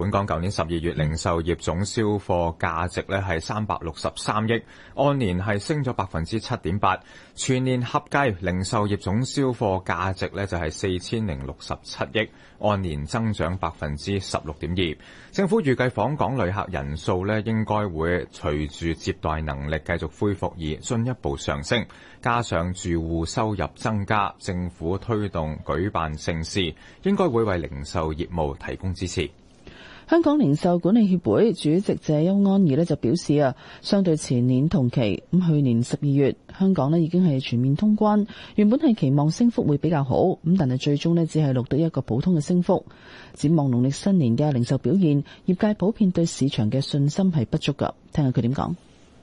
本港舊年十二月零售業總銷貨價值咧係三百六十三億，按年係升咗百分之七點八。全年合計零售業總銷貨價值咧就係四千零六十七億，按年增長百分之十六點二。政府預計訪港旅客人數咧應該會隨住接待能力繼續恢復而進一步上升，加上住戶收入增加，政府推動舉辦盛事，應該會為零售業務提供支持。香港零售管理協會主席謝邱安儀咧就表示啊，相對前年同期咁，去年十二月香港咧已經係全面通關，原本係期望升幅會比較好咁，但係最終咧只係錄得一個普通嘅升幅。展望農曆新年嘅零售表現，業界普遍對市場嘅信心係不足㗎。聽下佢點講。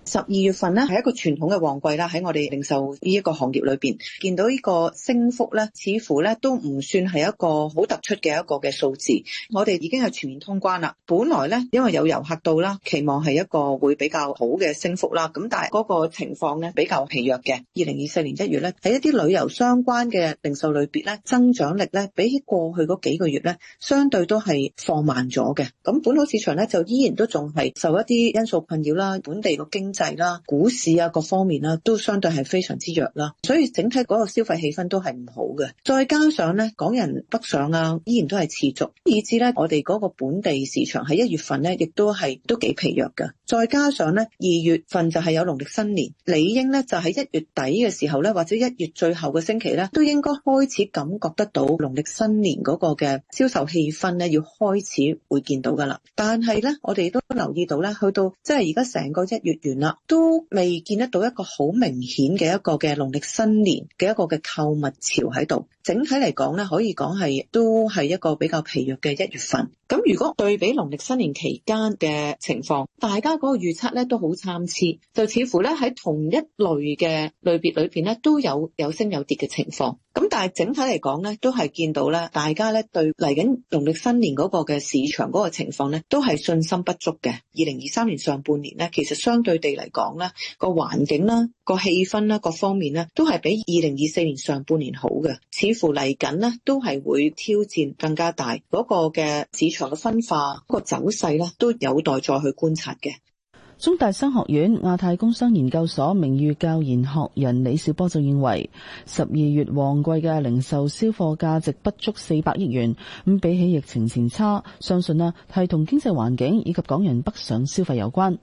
十二月份呢，係一個傳統嘅旺季啦，喺我哋零售呢一個行業裏邊，見到呢個升幅呢，似乎呢都唔算係一個好突出嘅一個嘅數字。我哋已經係全面通關啦，本來呢，因為有遊客到啦，期望係一個會比較好嘅升幅啦。咁但係嗰個情況呢，比較疲弱嘅。二零二四年一月呢，喺一啲旅遊相關嘅零售類別呢，增長力呢比起過去嗰幾個月呢，相對都係放慢咗嘅。咁本土市場呢，就依然都仲係受一啲因素困擾啦，本地個經濟啦，股市啊，各方面啦、啊，都相對係非常之弱啦、啊，所以整體嗰個消費氣氛都係唔好嘅。再加上咧，港人北上啊，依然都係持續，以致咧，我哋嗰個本地市場喺一月份咧，亦都係都幾疲弱嘅。再加上咧，二月份就係有農曆新年，理應咧就喺、是、一月底嘅時候咧，或者一月最後嘅星期咧，都應該開始感覺得到農曆新年嗰個嘅銷售氣氛咧，要開始會見到噶啦。但係咧，我哋都留意到咧，去到即係而家成個一月完啦。都未見得到一個好明顯嘅一個嘅農曆新年嘅一個嘅購物潮喺度，整體嚟講咧，可以講係都係一個比較疲弱嘅一月份。咁如果對比農曆新年期間嘅情況，大家嗰個預測咧都好參差，就似乎咧喺同一類嘅類別裏面咧都有有升有跌嘅情況。咁但係整體嚟講咧，都係見到咧，大家咧對嚟緊農曆新年嗰個嘅市場嗰個情況咧，都係信心不足嘅。二零二三年上半年咧，其實相對地嚟講咧個環境啦、個氣氛啦、各方面咧，都係比二零二四年上半年好嘅。似乎嚟緊咧都係會挑戰更加大嗰個嘅市場嘅分化，個走勢咧都有待再去觀察嘅。中大商學院亞太工商研究所名譽教研學人李兆波就認為，十二月旺季嘅零售銷貨價值不足四百億元，咁比起疫情前差，相信啦係同經濟環境以及港人北上消費有關。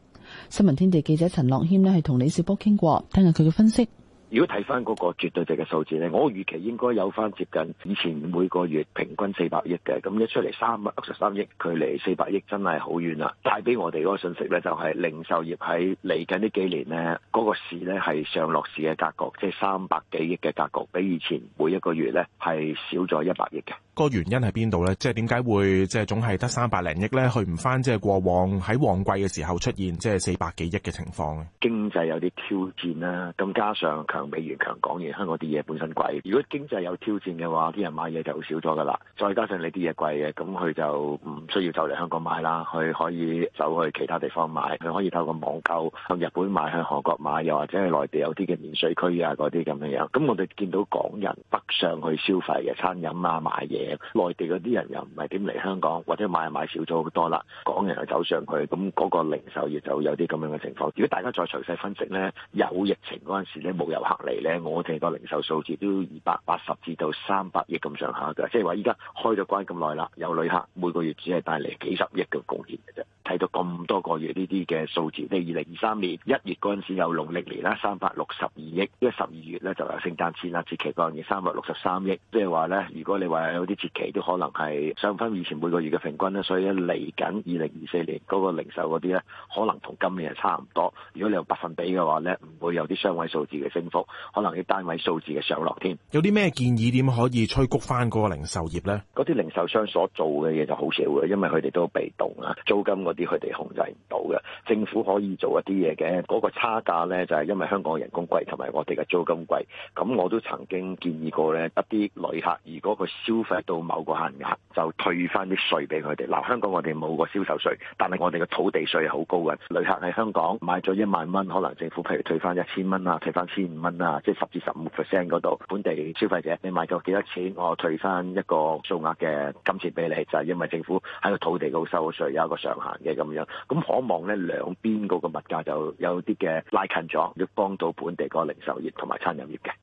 新聞天地記者陳樂謙呢，係同李兆波傾過，聽下佢嘅分析。如果睇翻嗰個絕對值嘅數字咧，我預期應該有翻接近以前每個月平均四百億嘅，咁一出嚟三百六十三億距離四百億真係好遠啦。帶俾我哋嗰個信息咧，就係、是、零售業喺嚟緊呢幾年咧，嗰、那個市咧係上落市嘅格局，即係三百幾億嘅格局，比以前每一個月咧係少咗一百億嘅。個原因喺邊度呢？即係點解會即係總係得三百零億呢？去唔翻即係過往喺旺季嘅時候出現即係四百幾億嘅情況呢？經濟有啲挑戰啦、啊，咁加上強美元、強港元，香港啲嘢本身貴。如果經濟有挑戰嘅話，啲人買嘢就好少咗噶啦。再加上你啲嘢貴嘅，咁佢就唔需要就嚟香港買啦，佢可以走去其他地方買，佢可以透過網購向日本買、向韓國買，又或者係內地有啲嘅免稅區啊嗰啲咁嘅樣。咁我哋見到港人北上去消費嘅餐飲啊、買嘢。內地嗰啲人又唔係點嚟香港，或者買啊買少咗好多啦，港人又走上去，咁嗰個零售業就有啲咁樣嘅情況。如果大家再詳細分析呢，有疫情嗰陣時咧冇遊客嚟呢，我哋個零售數字都二百八十至到三百億咁上下㗎，即係話依家開咗關咁耐啦，有旅客每個月只係帶嚟幾十億嘅貢獻㗎啫。咁多個月呢啲嘅數字，你二零二三年一月嗰陣時有農曆年啦，三百六十二億，因為十二月咧就有聖誕節啦，節期嗰陣月三百六十三億，即係話咧，如果你話有啲節期都可能係上翻以前每個月嘅平均咧，所以嚟緊二零二四年嗰個零售嗰啲咧，可能同今年係差唔多。如果你有百分比嘅話咧，唔會有啲雙位數字嘅升幅，可能啲單位數字嘅上落添。有啲咩建議點可以催谷翻嗰個零售業咧？嗰啲零售商所做嘅嘢，就好少嘅，因為佢哋都被動啊，租金嗰啲。佢哋控制唔到嘅，政府可以做一啲嘢嘅。嗰個差價咧，就係因為香港人工貴同埋我哋嘅租金貴，咁我都曾經建議過咧，一啲旅客，如果佢消費到某個限額，就退翻啲稅俾佢哋。嗱、呃，香港我哋冇個銷售稅，但係我哋嘅土地稅係好高嘅。旅客喺香港買咗一萬蚊，可能政府譬如退翻一千蚊啊，退翻千五蚊啊，即係十至十五 percent 嗰度。本地消費者，你買夠幾多錢，我退翻一個數額嘅金錢俾你，就係因為政府喺個土地度收稅有一個上限嘅。咁樣咁可望咧，兩邊嗰個物價就有啲嘅拉近咗，要幫到本地個零售業同埋餐飲業嘅。